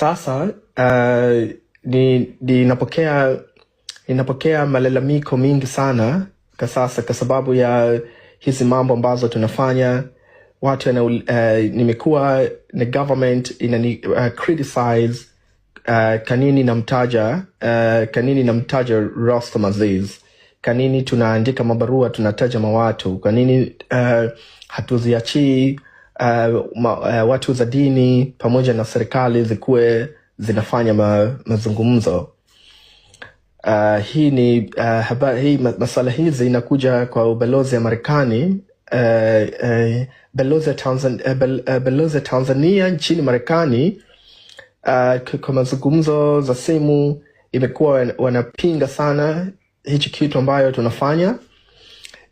Sasa uh, ni, ni ninapokea malalamiko mingi sana kwa sasa kwa sababu ya hizi mambo ambazo tunafanya watu uh, nimekuwa na government inani uh, criticize uh, kanini namtaja uh, kanini namtaja Rostam Aziz kanini tunaandika mabarua tunataja mawatu kanini uh, hatuziachii uh, ma, uh, watu za dini pamoja na serikali zikuwe zinafanya ma, mazungumzo uh, hii ni uh, haba, hii masala hizi inakuja kwa ubalozi ya Marekani uh, uh, balozi ya Tanzania, uh, uh, balozi ya Tanzania nchini Marekani uh, kwa mazungumzo za simu imekuwa wanapinga sana hichi kitu ambayo tunafanya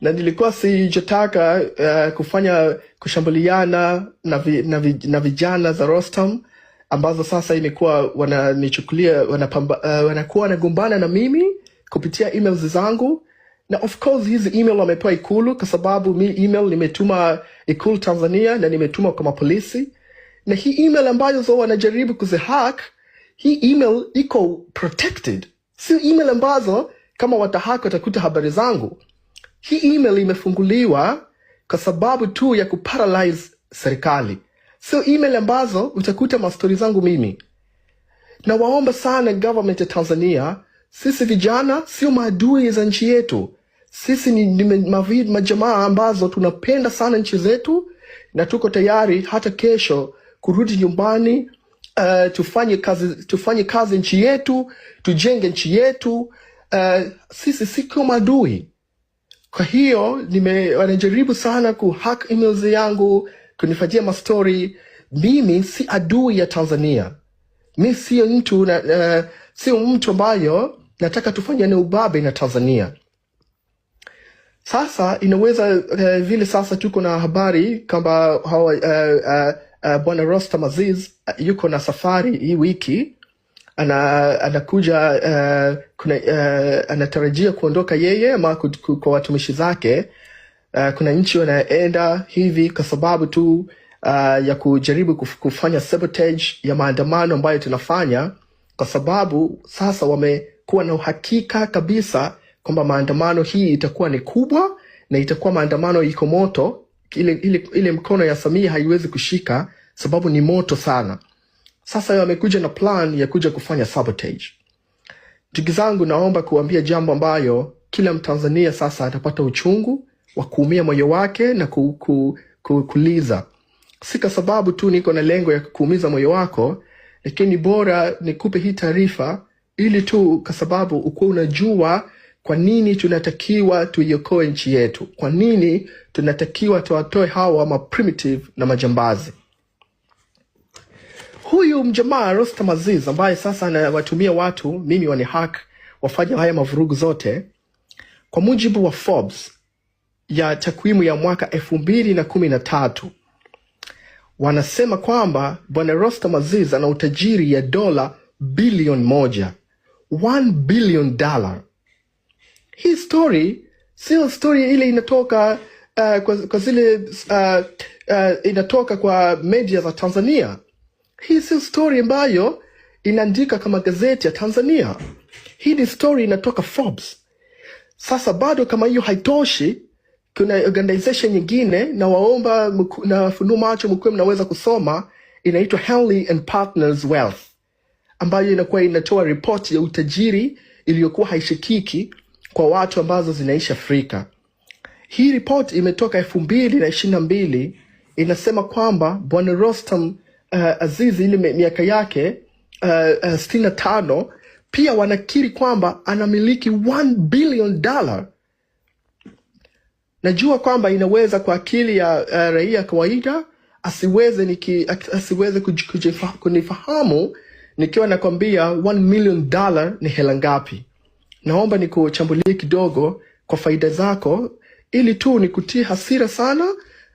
na nilikuwa sijataka uh, kufanya kushambuliana na, vi, na, vi, na vijana za Rostam ambazo sasa imekuwa wananichukulia wanapamba, uh, wanakuwa wanagombana na mimi kupitia emails zangu na of course hizi email wamepewa Ikulu kwa sababu mi email nimetuma Ikulu Tanzania na nimetuma kwa mapolisi, na hii email ambazo wanajaribu kuzihack, hii email iko protected, si email ambazo kama watahack watakuta habari zangu. Hii email imefunguliwa kwa sababu tu ya kuparalyze serikali, sio email ambazo utakuta mastori zangu mimi. Na waomba sana government ya Tanzania, sisi vijana sio maadui za nchi yetu. Sisi ni, ni majamaa ambazo tunapenda sana nchi zetu na tuko tayari hata kesho kurudi nyumbani. Uh, tufanye kazi, tufanye kazi nchi yetu, tujenge nchi yetu. Uh, sisi sikio maadui. Kwa hiyo nime, wanajaribu sana kuhack emails yangu kunifanyia mastori. Mimi si adui ya Tanzania, mi sio mtu na, na, sio mtu ambayo nataka tufanyane ubabe na Tanzania. Sasa inaweza uh, vile sasa tuko na habari kwamba uh, uh, uh, bwana Rostam Aziz uh, yuko na safari hii wiki ana, anakuja uh, kuna, uh, anatarajia kuondoka yeye ama kwa watumishi zake uh, kuna nchi wanaenda hivi kwa sababu tu uh, ya kujaribu kufanya sabotage ya maandamano ambayo tunafanya, kwa sababu sasa wamekuwa na uhakika kabisa kwamba maandamano hii itakuwa ni kubwa na itakuwa maandamano iko moto ile, ile, ile mkono ya Samia haiwezi kushika, sababu ni moto sana. Sasa wamekuja na plan ya kuja kufanya sabotage. Ndugu zangu, naomba kuambia jambo ambayo kila Mtanzania sasa atapata uchungu wa kuumia moyo wake na ku, ku, ku, kuliza. Si kwa sababu tu niko na lengo ya kuumiza moyo wako, lakini bora nikupe hii taarifa ili tu kwa sababu ukuwa unajua kwa nini tunatakiwa tuiokoe nchi yetu, kwa nini tunatakiwa tuwatoe hawa ma primitive na majambazi. Huyu mjamaa Rostam Aziz ambaye sasa anawatumia watu mimi wanihack wafanya haya mavurugu zote, kwa mujibu wa Forbes ya takwimu ya mwaka elfu mbili na kumi na tatu wanasema kwamba bwana Rostam Aziz ana utajiri ya dola bilioni moja, one billion dollar. Hii story sio story ile inatoka uh, kwa, kwa zile uh, uh, inatoka kwa media za Tanzania hii si stori ambayo inaandika kama gazeti ya Tanzania. Hii ni stori inatoka Forbes. Sasa bado kama hiyo haitoshi, kuna organization nyingine na waomba na funua macho mkuwe mnaweza kusoma, inaitwa Henley and Partners Wealth ambayo inakuwa inatoa ripoti ya utajiri iliyokuwa haishikiki kwa watu ambazo zinaishi Afrika. Hii ripoti imetoka elfu mbili na ishirini na mbili inasema kwamba Bwana Rostam uh, Azizi ile miaka yake uh, uh, sitini na tano pia wanakiri kwamba anamiliki 1 billion dollar. Najua kwamba inaweza kwa akili ya uh, raia kawaida asiweze niki, asiweze kunifahamu nikiwa nakwambia 1 million dollar ni hela ngapi. Naomba nikuchambulie kidogo kwa faida zako, ili tu nikutie hasira sana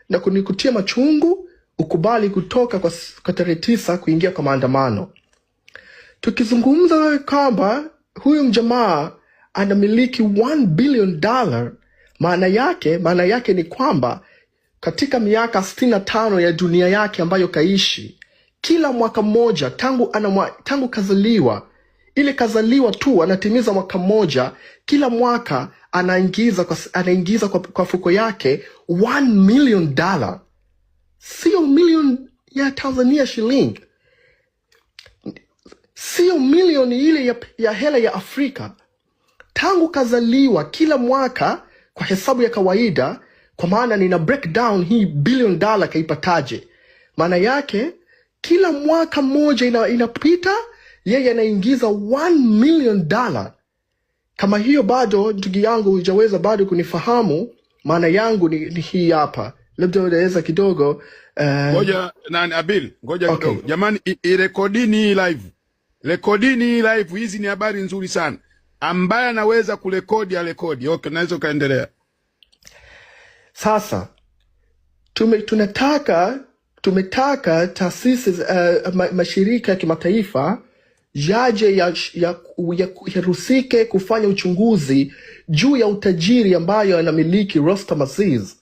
na kunikutia machungu ukubali kutoka kwa, kwa tarehe tisa kuingia kwa maandamano, tukizungumza nawe kwamba huyu mjamaa anamiliki billion Maana yake maana yake ni kwamba katika miaka 65 ya dunia yake ambayo kaishi, kila mwaka mmoja tangu, anamwa, tangu kazaliwa ile kazaliwa tu anatimiza mwaka mmoja, kila mwaka anaingiza kwa, anaingiza kwa, kwa fuko yake 1 million dollar sio milioni ya Tanzania shilingi, siyo milioni ile ya, ya hela ya Afrika. Tangu kazaliwa kila mwaka kwa hesabu ya kawaida, kwa maana nina breakdown hii billion dala kaipataje. Maana yake kila mwaka mmoja ina, inapita yeye anaingiza 1 million dollar. Kama hiyo bado ndugu yangu hujaweza bado kunifahamu, maana yangu ni, ni hii hapa labda unaweza kidogo eh, ngoja uh... nani Abil, ngoja okay. kidogo jamani, irekodini hii live, rekodini hii live. Hizi ni habari nzuri sana, ambaye anaweza kurekodi arekodi. Okay, unaweza ukaendelea sasa. Tume, tunataka tumetaka taasisi uh, ma, mashirika ya kimataifa yaje yahusike ya, ya, ya kufanya uchunguzi juu ya utajiri ambayo anamiliki Rostam Aziz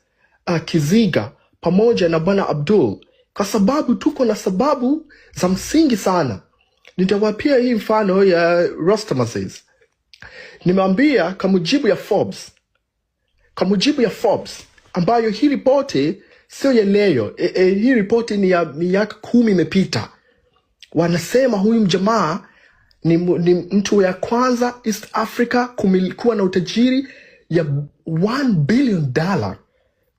uh, Kiziga pamoja na Bwana Abdul, kwa sababu tuko na sababu za msingi sana. Nitawapia hii mfano ya Rostamazes. Nimeambia kwa mujibu ya Forbes, kwa mujibu ya Forbes ambayo hii ripoti sio ya leo e, e, hii ripoti ni ya miaka kumi imepita. Wanasema huyu mjamaa ni, ni mtu ya kwanza East Africa kumilikuwa na utajiri ya 1 billion dollar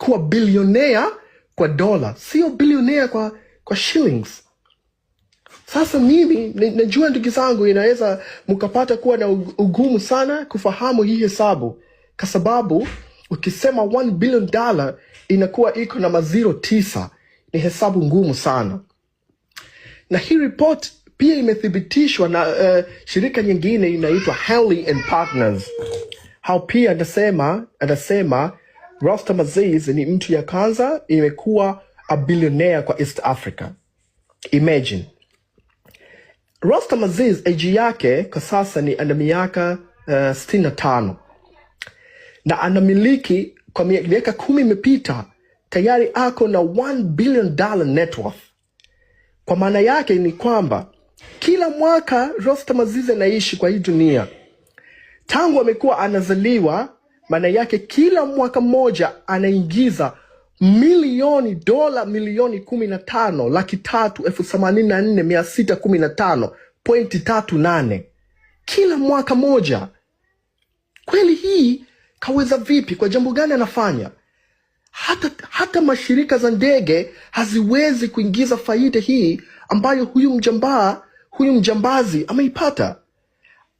kuwa bilionea kwa dola, sio bilionea kwa, kwa shillings. Sasa mimi najua ndugu zangu, inaweza mkapata kuwa na ugumu sana kufahamu hii hesabu, kwa sababu ukisema 1 billion dollar inakuwa iko na maziro tisa. Ni hesabu ngumu sana, na hii ripoti pia imethibitishwa na uh, shirika nyingine inaitwa Henley and Partners. Hao pia anasema anasema Rasta Mazeez ni mtu ya kwanza imekuwa a billionaire kwa East Africa. Imagine Rasta Mazeez age yake kwa sasa ni ana miaka eh, sitini na tano na anamiliki kwa miaka kumi imepita tayari ako na 1 billion dollar net worth. Kwa maana yake ni kwamba kila mwaka Rostam Aziz anaishi kwa hii dunia tangu amekuwa anazaliwa maana yake kila mwaka mmoja anaingiza milioni dola milioni kumi na tano laki tatu elfu themanini na nne mia sita kumi na tano pointi tatu nane kila mwaka moja. Kweli hii kaweza vipi? Kwa jambo gani anafanya? Hata, hata mashirika za ndege haziwezi kuingiza faida hii ambayo huyu mjambaa huyu mjambazi ameipata.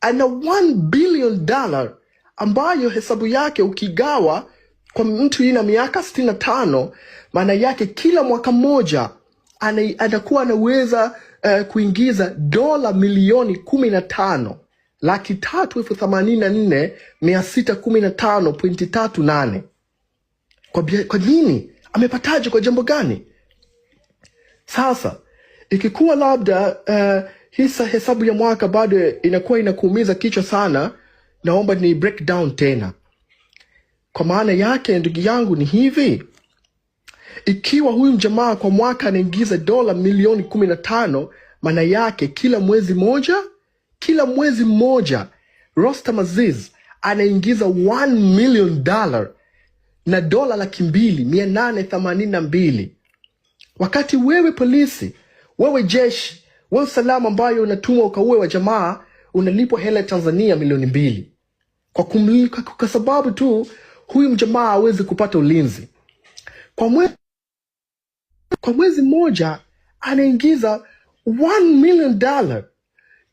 Ana 1 billion dollar ambayo hesabu yake ukigawa kwa mtu ina miaka sitini na tano, maana yake kila mwaka mmoja anakuwa anaweza uh, kuingiza dola milioni kumi na tano laki tatu elfu themanini na nne mia sita kumi na tano pointi tatu nane. Kwa, kwa nini amepataje? Kwa jambo gani? Sasa ikikuwa labda uh, hisa hesabu ya mwaka bado inakuwa inakuumiza kichwa sana naomba ni break down tena. Kwa maana yake, ndugu yangu, ni hivi ikiwa huyu mjamaa kwa mwaka anaingiza dola milioni kumi na tano, maana yake kila mwezi moja, kila mwezi mmoja Rostam Aziz anaingiza million dollar na dola laki mbili mia nane themanini na mbili wakati wewe polisi, wewe jeshi, wewe usalama ambayo unatumwa ukaue wa jamaa unalipwa hela Tanzania milioni mbili kwa, kumlika, kwa sababu tu huyu mjamaa awezi kupata ulinzi kwa mwezi, kwa mwezi mmoja anaingiza million dollar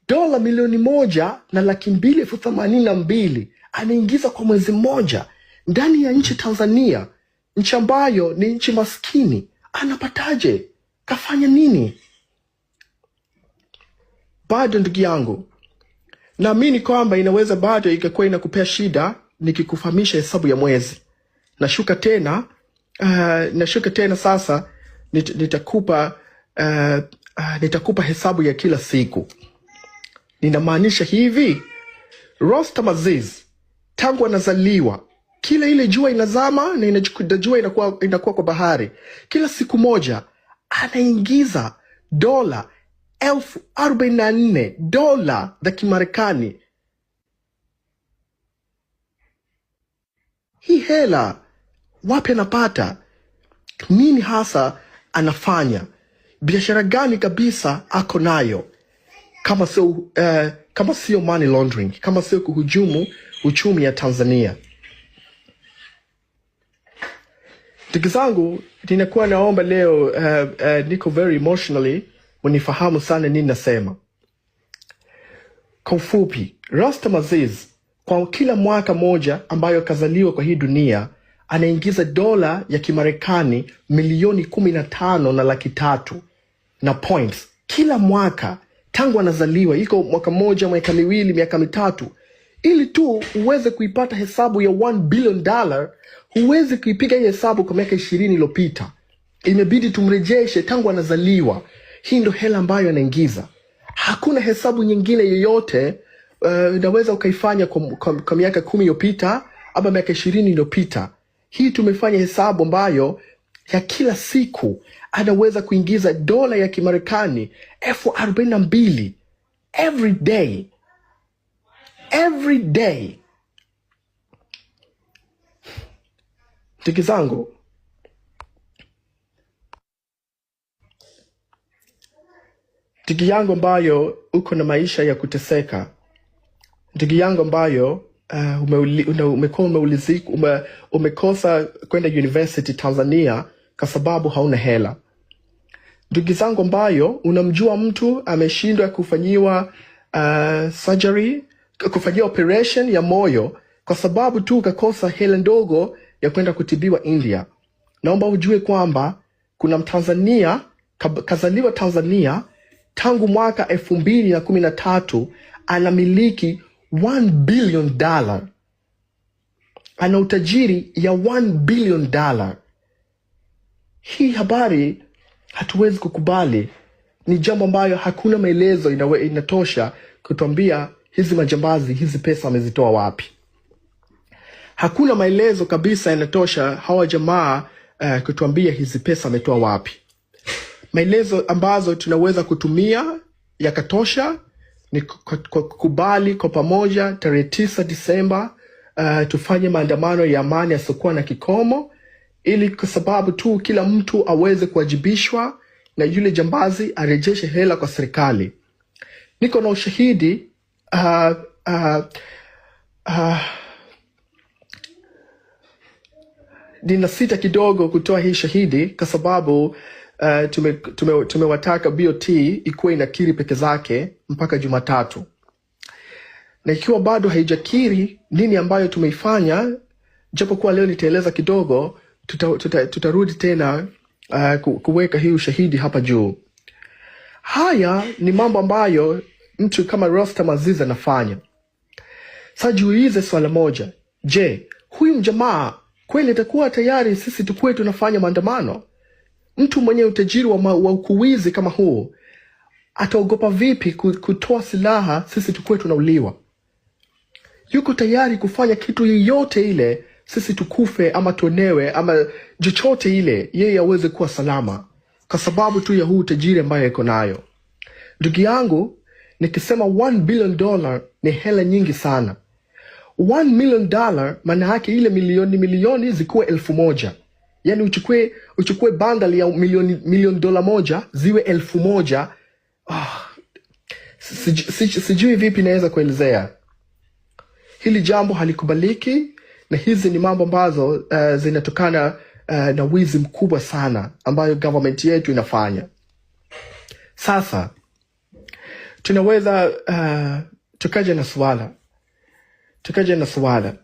dola milioni moja na laki mbili elfu themanini na mbili anaingiza kwa mwezi mmoja ndani ya nchi Tanzania, nchi ambayo ni nchi maskini. Anapataje? Kafanya nini? Bado ndugu yangu Naamini kwamba inaweza bado ikakuwa inakupea shida nikikufahamisha hesabu ya mwezi. Nashuka tena uh, nashuka tena sasa nit, nitakupa uh, uh, nitakupa hesabu ya kila siku. Ninamaanisha hivi, Rostam Aziz tangu anazaliwa kila ile jua inazama na inajua, jua inakuwa, inakuwa kwa bahari, kila siku moja anaingiza dola elfu arobaini na nne dola za Kimarekani. Hii hela wapi anapata? Nini hasa anafanya? Biashara gani kabisa ako nayo, kama sio uh, kama sio money laundering, kama sio kuhujumu uchumi ya Tanzania? Ndugu zangu, ninakuwa naomba leo uh, uh, niko very emotionally unifahamu sana nini nasema. Kwa ufupi, Rostam Aziz kwa kila mwaka moja ambayo akazaliwa kwa hii dunia anaingiza dola ya Kimarekani milioni kumi na tano na laki tatu na points kila mwaka tangu anazaliwa, iko mwaka moja, miaka miwili, miaka mitatu, ili tu huweze kuipata hesabu ya 1 billion Huwezi kuipiga hii hesabu kwa miaka ishirini iliyopita, imebidi tumrejeshe tangu anazaliwa. Hii ndo hela ambayo anaingiza. Hakuna hesabu nyingine yoyote eh, unaweza uh, ukaifanya kwa, kwa, kwa miaka kumi iliyopita ama miaka ishirini iliyopita. Hii tumefanya hesabu ambayo ya kila siku anaweza kuingiza dola ya Kimarekani elfu arobaini na mbili every day, every day. Ndugu zangu ndugu yangu ambayo uko na maisha ya kuteseka, ndugu yangu ambayo uh, ume, ume, ume, umekosa kwenda university Tanzania kwa sababu hauna hela, ndugu zangu ambayo unamjua mtu ameshindwa kufanyiwa uh, surgery kufanyia operation ya moyo kwa sababu tu ukakosa hela ndogo ya kwenda kutibiwa India. Naomba ujue kwamba kuna Mtanzania kazaliwa Tanzania tangu mwaka elfu mbili na kumi na tatu anamiliki one billion ana utajiri ya one billion Hii habari hatuwezi kukubali, ni jambo ambayo hakuna maelezo inawe, inatosha kutuambia hizi majambazi hizi pesa wamezitoa wapi. Hakuna maelezo kabisa yanatosha hawa jamaa uh, kutuambia hizi pesa ametoa wapi maelezo ambazo tunaweza kutumia yakatosha ni kukubali kwa pamoja tarehe tisa Disemba uh, tufanye maandamano ya amani yasiokuwa na kikomo, ili kwa sababu tu kila mtu aweze kuwajibishwa na yule jambazi arejeshe hela kwa serikali. Niko na ushahidi uh, uh, uh, nina sita kidogo kutoa hii shahidi kwa sababu uh, eh, tumewataka tume, tume BOT ikuwe inakiri peke zake mpaka Jumatatu, na ikiwa bado haijakiri nini ambayo tumeifanya, japokuwa leo nitaeleza kidogo, tutarudi tuta, tuta tena uh, kuweka hii ushahidi hapa juu. Haya ni mambo ambayo mtu kama Rostam Aziz anafanya. Sasa jiulize swala moja, je, huyu mjamaa kweli atakuwa tayari sisi tukuwe tunafanya maandamano? Mtu mwenye utajiri wa, wa ukuwizi kama huo ataogopa vipi kutoa silaha sisi tukuwe tunauliwa? Yuko tayari kufanya kitu yeyote ile sisi tukufe ama tuonewe ama chochote ile, yeye aweze kuwa salama kwa sababu tu ya huu utajiri ambayo iko nayo. Ndugu yangu, nikisema 1 billion dollar ni hela nyingi sana. 1 million dollar maana yake ile milioni milioni zikuwe elfu moja, yani uchukue uchukue bandali ya milioni milioni dola moja ziwe elfu moja oh, sijui vipi naweza kuelezea hili jambo halikubaliki, na hizi ni mambo ambazo uh, zinatokana uh, na wizi mkubwa sana ambayo government yetu inafanya. Sasa tunaweza uh, eh, tukaja na suala tukaja na suala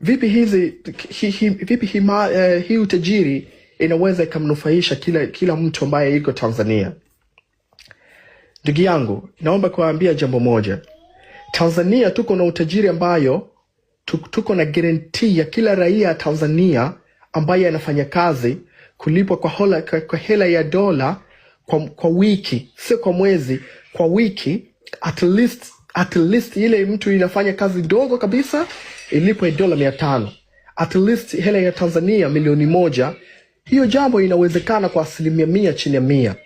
vipi hizi hi, hi, vipi hii uh, hii utajiri inaweza ikamnufaisha kila, kila mtu ambaye iko Tanzania. Ndugu yangu, naomba kuwaambia jambo moja. Tanzania tuko na utajiri ambayo tuko na garanti ya kila raia ya Tanzania ambaye anafanya kazi kulipwa kwa, hola, kwa, kwa hela ya dola kwa, kwa wiki, sio kwa mwezi, kwa wiki at least, at least ile mtu inafanya kazi dogo kabisa ilipwe dola mia tano at least hela ya Tanzania milioni moja hiyo jambo inawezekana kwa asilimia mia chini ya mia.